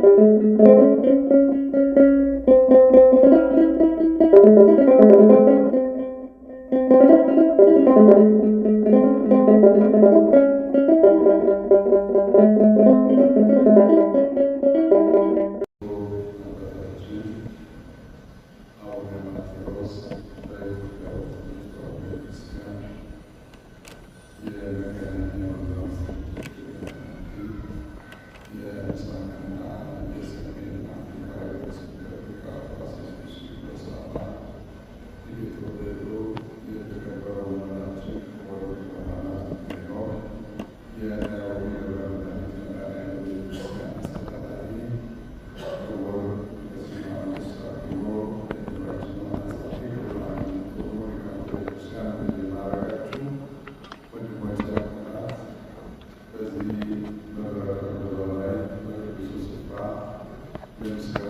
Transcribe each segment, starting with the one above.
Thank you. minister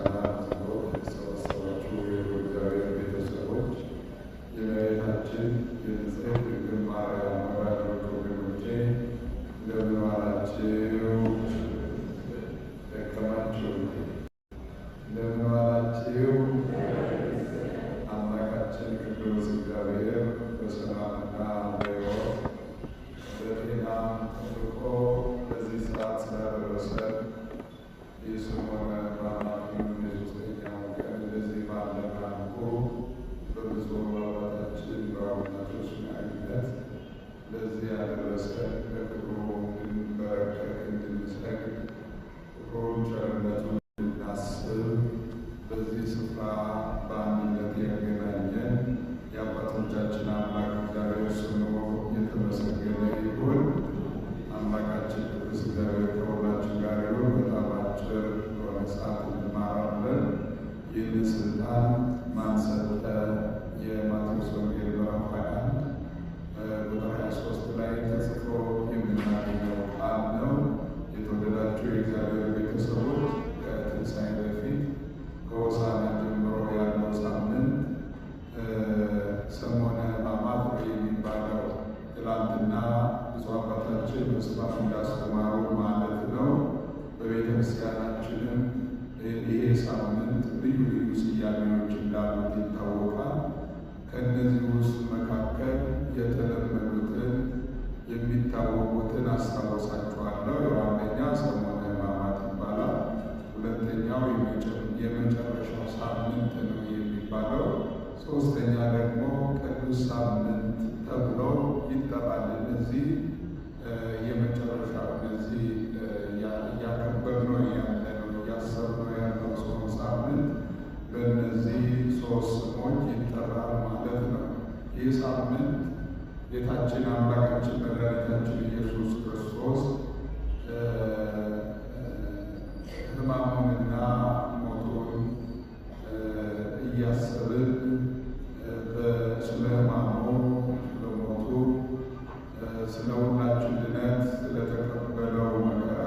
ሳምንት ልዩ ልዩ ስያሜዎች እንዳሉት ይታወቃል። ከእነዚህ ውስጥ መካከል የተለመዱትን የሚታወቁትን አስታወሳችኋለሁ። የዋነኛ ሰሞነ ሕማማት ይባላል። ሁለተኛው የመጨረሻው ሳምንት ነው የሚባለው። ሶስተኛ ደግሞ ቅዱስ ሳምንት ተብሎ ይጠራል። እነዚህ የመጨረሻ እነዚህ እያከበርነው ጌታችን አምላካችን መድኃኒታችን ኢየሱስ ክርስቶስ ሕማሙንና ሞቱን እያሰብን ስለ ሕማሙ በሞቱ ስለ ሁላችን ድነት ስለተቀበለው መከራ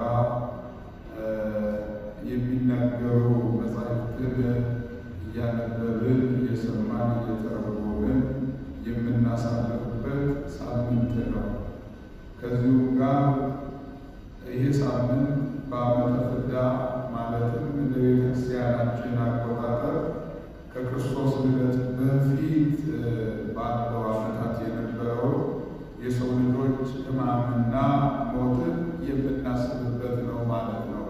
የሚናገሩ መጻሕፍትን እያነበብን እየሰማን እየተረጎምን የምናሳልፍ የምናከብርበት ሳምንት ነው። ከዚሁም ጋር ይህ ሳምንት በዓመተ ፍዳ ማለትም እንደ ቤተክርስቲያናችን አቆጣጠር ከክርስቶስ ልደት በፊት ባለው ዓመታት የነበረው የሰው ልጆች ሕማምና ሞትን የምናስብበት ነው ማለት ነው።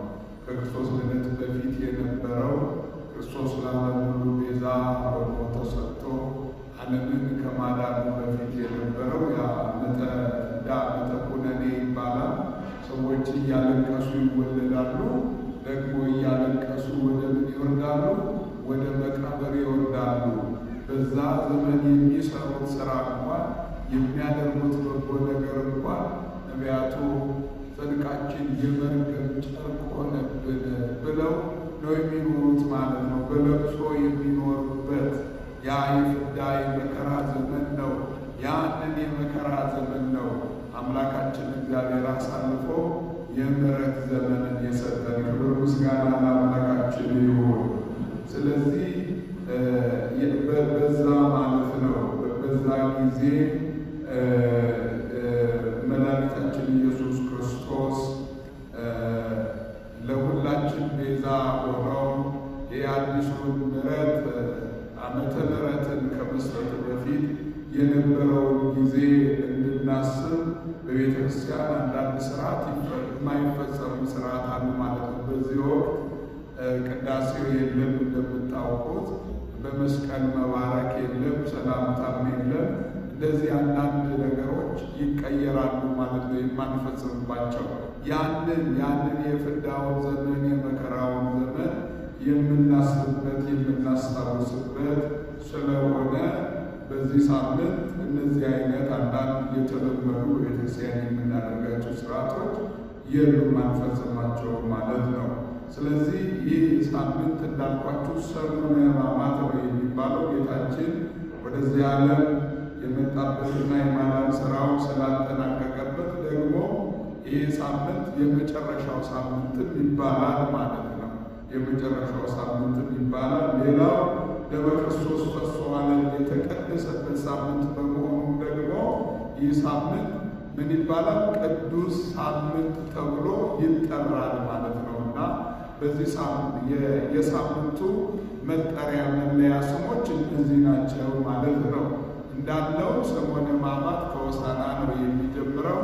ከክርስቶስ ልደት በፊት የነበረው ክርስቶስ ለዓለም ሁሉ ቤዛ ሆኖ ተሰጥቶ ዓለምን ከማዳኑ በፊት የነበረው ያ ዳ መተኮነኔ ይባላል። ሰዎች እያለቀሱ ይወለዳሉ። ደግሞ እያለቀሱ ወደ ምን ይወርዳሉ? ወደ መቃብር ይወርዳሉ። በዛ ዘመን የሚሰሩት ስራ እንኳን የሚያደርጉት በጎ ነገር እንኳን ነቢያቱ ጽድቃችን የመርገም ጨርቅ ሆነብን ብለው ነው የሚኖሩት ማለት ነው። በለቅሶ የሚኖሩበት ያ የምሕረት ዘመንን የሰጠን ክብር ምስጋና ለአምላካችን ይሁን። ስለዚህ በዛ ማለት ነው በዛ ጊዜ በዚህ ወቅት ቅዳሴው የለም እንደምታውቁት፣ በመስቀል መባረክ የለም፣ ሰላምታም የለም። እንደዚህ አንዳንድ ነገሮች ይቀየራሉ ማለት ነው የማንፈጽምባቸው ያንን ያንን የፍዳውን ዘመን የመከራውን ዘመን የምናስብበት የምናስታውስበት ስለሆነ በዚህ ሳምንት እነዚህ አይነት አንዳንድ የተለመዱ ቤተክርስቲያን የምናደርጋቸው ስርዓቶች የሉም አልፈጸማቸውም ማለት ነው። ስለዚህ ይህ ሳምንት እንዳልኳችሁ ሰሙነ ሕማማት ነው የሚባለው ጌታችን ወደዚህ ዓለም የመጣበትና የማዳን ስራው ስላጠናቀቀበት ደግሞ ይህ ሳምንት የመጨረሻው ሳምንትም ይባላል ማለት ነው። የመጨረሻው ሳምንትም ይባላል። ሌላው ደመ ክርስቶስ ፈሶ ዓለም የተቀደሰበት ሳምንት በመሆኑ ደግሞ ይህ ሳምንት ምን ይባላል? ቅዱስ ሳምንት ተብሎ ይጠራል ማለት ነው። እና በዚህ የሳምንቱ መጠሪያ መለያ ስሞች እነዚህ ናቸው ማለት ነው። እንዳለው ሰሞነ ሕማማት ከሆሳና ነው የሚጀምረው።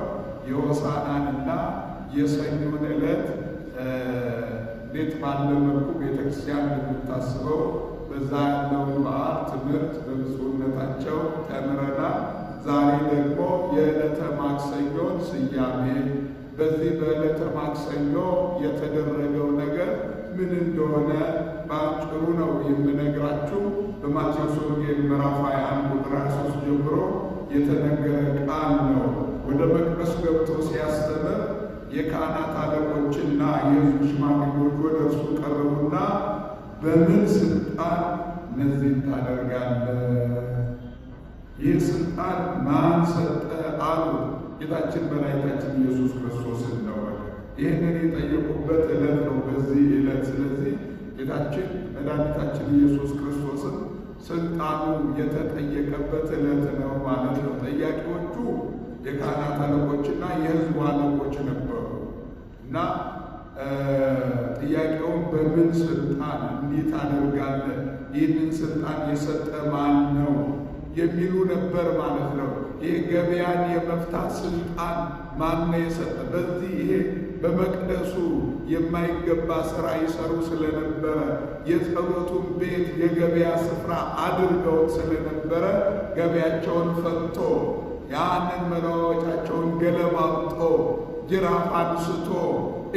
የሆሳናን እና የሰኞን ዕለት እንዴት ባለ መልኩ ቤተክርስቲያን የምታስበው በዛ ያለውን በዓል ትምህርት በብፁዕነታቸው ተምረናል። ዛሬ ደግሞ የዕለተ ማክሰኞን ስያሜ በዚህ በዕለተ ማክሰኞ የተደረገው ነገር ምን እንደሆነ በአጭሩ ነው የምነግራችሁ። በማቴዎስ ወንጌል ምዕራፍ 21 ቁጥር 23 ጀምሮ የተነገረ ቃል ነው። ወደ መቅደስ ገብቶ ሲያስተምር የካህናት አለቆችና የሕዝቡ ሽማግሌዎች ወደ እርሱ ቀረቡና በምን ስልጣን እነዚህን ታደርጋለህ ማን ሰጠ አሉት። ጌታችን መድኃኒታችን ኢየሱስ ክርስቶስ እንደሆነ ይህንን የጠየቁበት ዕለት ነው፣ በዚህ ዕለት። ስለዚህ ጌታችን መድኃኒታችን ኢየሱስ ክርስቶስን ስልጣኑ የተጠየቀበት ዕለት ነው ማለት ነው። ጠያቂዎቹ የካህናት አለቆችና የሕዝቡ አለቆች ነበሩ እና ጥያቄውን በምን ስልጣን እንዴት አደርጋለን? ይህንን ስልጣን የሰጠ ማን ነው የሚሉ ነበር ማለት ነው። ይህ ገበያን የመፍታት ስልጣን ማነው የሰጠ? በዚህ ይሄ በመቅደሱ የማይገባ ስራ ይሰሩ ስለነበረ የጸሎቱን ቤት የገበያ ስፍራ አድርገው ስለነበረ ገበያቸውን ፈቶ ያንን መለዋወጫቸውን ገለባብጦ ጅራፍ አንስቶ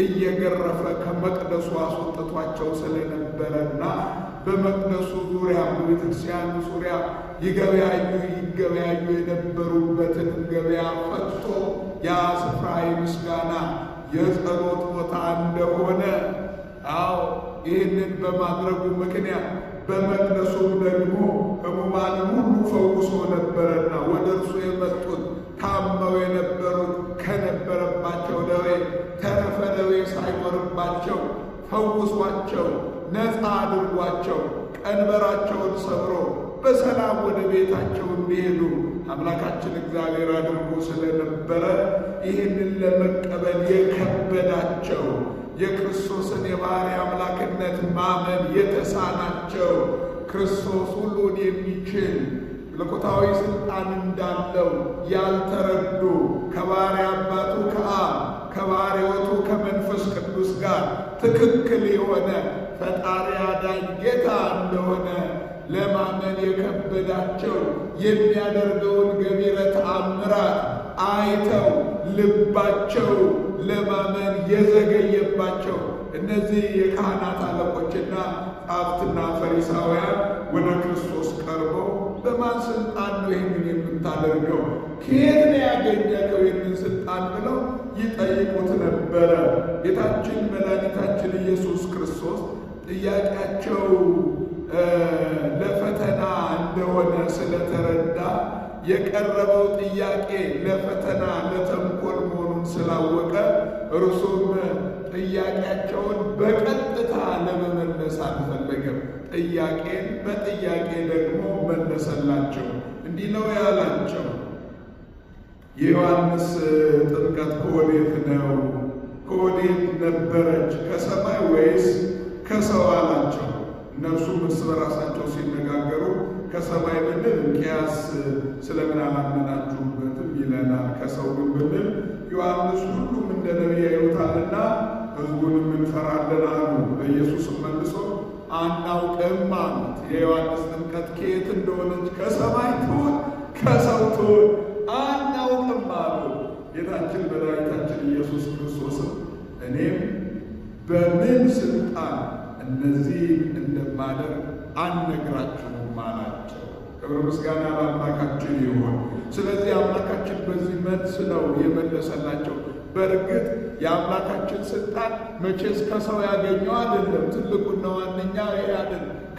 እየገረፈ ከመቅደሱ አስወጥቷቸው ስለነበረና በመቅደሱ ዙሪያ በቤተክርስቲያኑ ዙሪያ ይገበያዩ ይገበያዩ የነበሩበትን ገበያ ፈጥቶ ያ ስፍራ የምስጋና የጸሎት ቦታ እንደሆነ አዎ ይህንን በማድረጉ ምክንያት በመቅደሱም ደግሞ ሕሙማንን ሁሉ ፈውሶ ነበረና ወደ እርሱ የመጡት ታመው የነበሩት ከነበረባቸው ደዌ ተረፈ ደዌ ሳይኖርባቸው ፈውሷቸው ነፃ አድርጓቸው፣ ቀንበራቸውን ሰብሮ በሰላም ወደ ቤታቸው እንዲሄዱ አምላካችን እግዚአብሔር አድርጎ ስለነበረ ይህንን ለመቀበል የከበዳቸው የክርስቶስን የባሕርይ አምላክነት ማመን የተሳናቸው ክርስቶስ ሁሉን የሚችል መለኮታዊ ስልጣን እንዳለው ያልተረዱ ከባህሪ አባቱ ከአብ ከባሕርይ ከመንፈስ ቅዱስ ጋር ትክክል የሆነ ፈጣሪ አዳኝ ጌታ እንደሆነ ለማመን የከበዳቸው የሚያደርገውን ገቢረ ተአምራት አይተው ልባቸው ለማመን የዘገየባቸው እነዚህ የካህናት አለቆችና ጸሐፍትና ፈሪሳውያን ወደ ክርስቶስ ቀርበው በማን ስልጣን ነው ይህንን የምታደርገው? ከየት ነው ያገኘኸው ይህንን ስልጣን ብለው ይጠይቁት ነበረ። ጌታችን መድኃኒታችን ኢየሱስ ክርስቶስ ጥያቄያቸው ለፈተና እንደሆነ ስለተረዳ የቀረበው ጥያቄ ለፈተና ለተንኮል መሆኑን ስላወቀ እርሱም ጥያቄያቸውን በቀጥታ ለመመለስ አልፈለገም። ጥያቄን በጥያቄ ደግሞ መለሰላቸው። እንዲህ ነው ያላቸው፣ የዮሐንስ ጥምቀት ከወዴት ነው? ከወዴት ነበረች? ከሰማይ ወይስ ከሰው አላቸው። እነርሱም እርስ በራሳቸው ሲነጋገሩ ከሰማይ ብንል እንኪያስ ስለምን አላመናችሁበትም ይለናል። ከሰው ግን ብንል ዮሐንስ ሁሉም እንደ ነቢይ ያዩታልና ሕዝቡንም እንፈራለን አሉ። ኢየሱስ መልሶ አናውቅም አሉት። የዮሐንስ ጥምቀት ከየት እንደሆነች ከሰማይ ትሆን ከሰው ትሆን አናውቅም አሉ። ጌታችን መድኃኒታችን ኢየሱስ ክርስቶስም እኔም በምን ስልጣን እነዚህ እንደማደርግ አልነግራችሁም አላቸው። ክብር ምስጋና ለአምላካችን ይሆን። ስለዚህ አምላካችን በዚህ መልስ ነው የመለሰላቸው። በእርግጥ የአምላካችን ስልጣን መቼስ ከሰው ያገኘው አይደለም። ትልቁና ዋነኛ ይሄ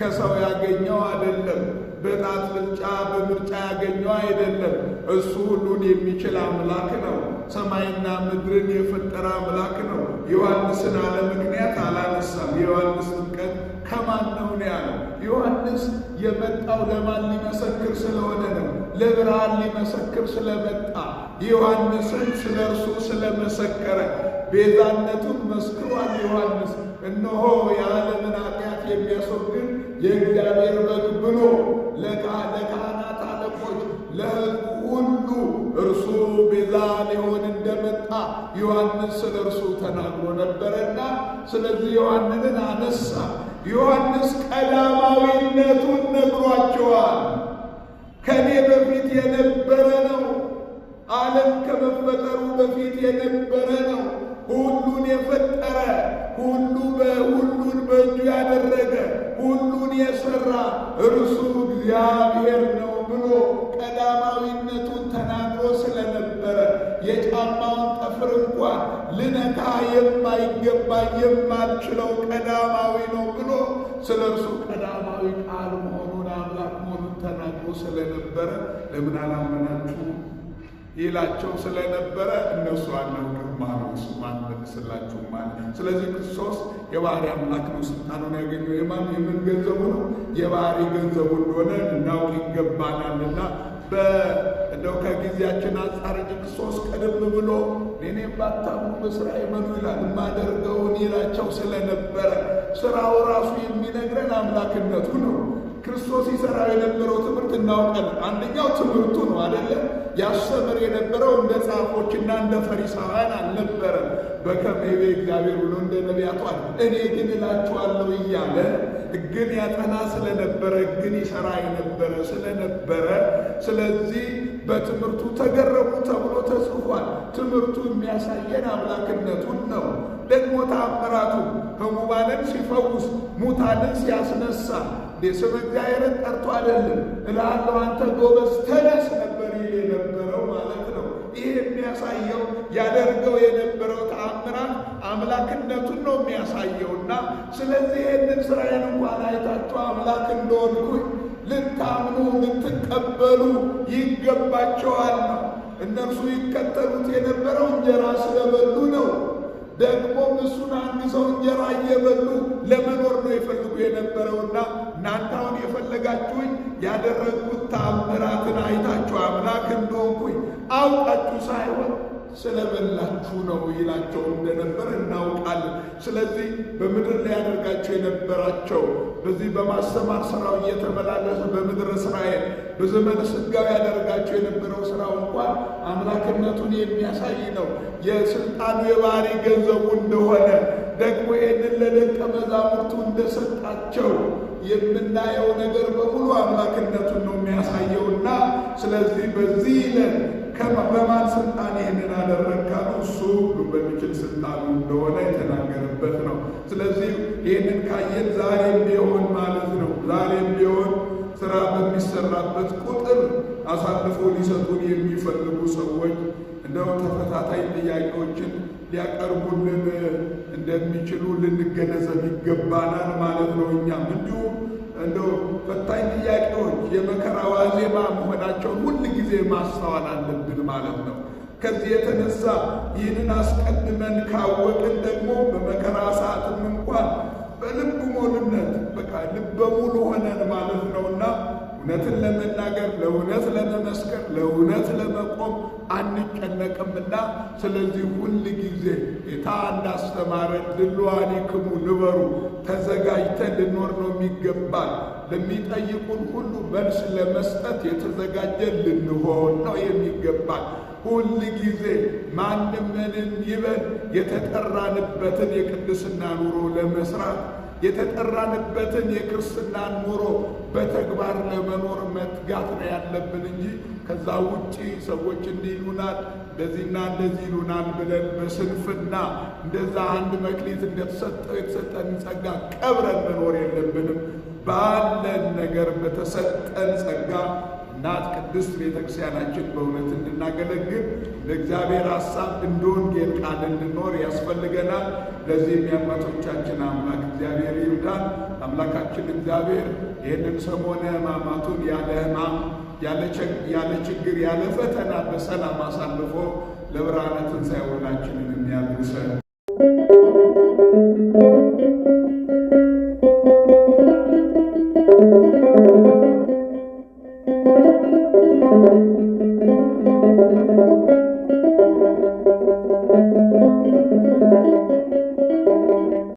ከሰው ያገኘው አይደለም። በጣት ብልጫ በምርጫ ያገኘው አይደለም። እሱ ሁሉን የሚችል አምላክ ነው። ሰማይና ምድርን የፈጠረ አምላክ ነው። ዮሐንስን አለ ምክንያት አላነሳም። የዮሐንስ ጥምቀት ከማን ነው ነው ያለው? ዮሐንስ የመጣው ለማን ሊመሰክር ስለሆነ ነው። ለብርሃን ሊመሰክር ስለመጣ ዮሐንስን ስለ እርሱ ስለመሰከረ ቤዛነቱን መስክሯል። ዮሐንስ እነሆ የዓለምን ኃጢአት የሚያስወግድ የእግዚአብሔር በግ ብሎ ለካህናት አለቆች ለሕዝቡ ሁሉ እርሱ ቤዛ ሊሆን እንደመጣ ዮሐንስ ስለ እርሱ ተናግሮ ነበረና፣ ስለዚህ ዮሐንንን አነሳ። ዮሐንስ ቀዳማዊነቱን ነግሯቸዋል። ከኔ በፊት የነበረ ነው። ዓለም ከመፈጠሩ በፊት የነበረ ስለነበረ ለምን አላመናችሁ ይላቸው ስለነበረ እነሱ አናውቅም አሉ። እሱም አንመልስላችሁም አለ። ስለዚህ ክርስቶስ የባህሪ አምላክ ነው። ስልጣኑን ያገኘው የማን የምን ገንዘቡ ነው? የባህሪ ገንዘቡ እንደሆነ እናውቅ ይገባናልና በእንደው ከጊዜያችን አንጻር ክርስቶስ ቀደም ብሎ እኔ ባታምኑ በስራ ይመኑ ይላል። የማደርገውን ይላቸው ስለነበረ ስራው ራሱ የሚነግረን አምላክነቱ ነው። ክርስቶስ ይሰራ የነበረው ትምህርት እናውቀን። አንደኛው ትምህርቱ ነው አይደለም። ያስተምር የነበረው እንደ ጻፎችና እንደ ፈሪሳውያን አልነበረም። በከመይቤ እግዚአብሔር ብሎ እንደ ነቢያቷል እኔ ግን እላችኋለሁ እያለ ሕግን ያጠና ስለነበረ ሕግን ይሰራ የነበረ ስለነበረ ስለዚህ በትምህርቱ ተገረሙ ተብሎ ተጽፏል። ትምህርቱ የሚያሳየን አምላክነቱን ነው። ደግሞ ተአምራቱ ሕሙማንን ሲፈውስ ሙታንን ሲያስነሳ ስም እግዚአብሔርን ጠርቶ አይደለም እልሃለሁ አንተ ጎበዝ ተነስ ነበር ይል የነበረው ማለት ነው። ይህ የሚያሳየው ያደርገው የነበረው ተአምራት አምላክነቱን ነው የሚያሳየውና ስለዚህ ይህንን ስራዬን እንኳን አይታችሁ አምላክ እንደሆንኩኝ ልታምኑ ልትቀበሉ ይገባቸዋል ነው። እነርሱ ይከተሉት የነበረው እንጀራ ስለበሉ ነው። ደግሞም እሱን አንግዘው እንጀራ እየበሉ ለመኖር ነው የፈልጉ የነበረውና እናንተ አሁን የፈለጋችሁኝ ያደረግኩት ታምራትን አይታችሁ አምላክ እንደሆንኩኝ አውቃችሁ ሳይሆን ስለበላችሁ ነው ይላቸው እንደነበረ ስለዚህ በምድር ሊያደርጋቸው የነበራቸው በዚህ በማስተማር ስራው እየተመላለሰ በምድር እስራኤል በዘመን ስጋው ያደርጋቸው የነበረው ስራው እንኳን አምላክነቱን የሚያሳይ ነው። የስልጣኑ የባህሪ ገንዘቡ እንደሆነ ደግሞ ይህንን ለደቀ መዛሙርቱ እንደሰጣቸው የምናየው ነገር በሙሉ አምላክነቱን ነው የሚያሳየውና ስለዚህ በዚህ ዕለት በማን ስልጣን ይህንን አደረግ እሱ ሁሉ በሚችል ስልጣኑ እንደሆነ የተናገረበት ነው። ስለዚህ ይህንን ካየን ዛሬም ቢሆን ማለት ነው ዛሬም ቢሆን ስራ በሚሰራበት ቁጥር አሳልፎ ሊሰጡን የሚፈልጉ ሰዎች እንደው ተፈታታይ ጥያቄዎችን ሊያቀርቡልን እንደሚችሉ ልንገነዘብ ይገባናል ማለት ነው። እኛም እንዲሁም እንደው ፈታኝ ጥያቄዎች የመከራ ዋዜማ መሆናቸውን ሁል ጊዜ ማስተዋል አለብን ማለት ነው። ከዚህ የተነሳ ይህንን አስቀድመን ካወቅን ደግሞ በመከራ ሰዓትም እንኳን በልብ ሙሉነት በቃ ልበ ሙሉ ሆነን ማለት ነውና እውነትን ለመናገር ለእውነት ለመመስከር ለእውነት ለመቆም አንጨነቅምና ስለዚህ ሁል ጊዜ ጌታ እንዳስተማረን ልልዋኒክሙ ንበሩ ተዘጋጅተን ልኖር ነው የሚገባል። ለሚጠይቁን ሁሉ መልስ ለመስጠት የተዘጋጀን ልንሆን ነው የሚገባል። ሁል ጊዜ ማንም ምንም ይበል የተጠራንበትን የቅድስና ኑሮ ለመስራት የተጠራንበትን የክርስትናን ኑሮ በተግባር ለመኖር መትጋት ነው ያለብን እንጂ ከዛ ውጪ ሰዎች እንዲህ ይሉናል እንደዚህና እንደዚህ ይሉናል ብለን በስንፍና እንደዛ አንድ መክሊት እንደተሰጠው የተሰጠን ጸጋ ቀብረን መኖር የለብንም። ባለን ነገር በተሰጠን ጸጋ እናት ቅድስት ቤተ ክርስቲያናችን በእውነት እንድናገለግል ለእግዚአብሔር ሐሳብ እንደ ወንጌል ቃል እንድኖር ያስፈልገናል። ለዚህም የአባቶቻችን አምላክ እግዚአብሔር ይርዳን። አምላካችን እግዚአብሔር ይህንን ሰሞነ ሕማማቱን ያለ ሕማም ያለ ችግር ያለ ፈተና በሰላም አሳልፎ ለብርሃነ ትንሣኤ ሁላችንን የሚያድርሰን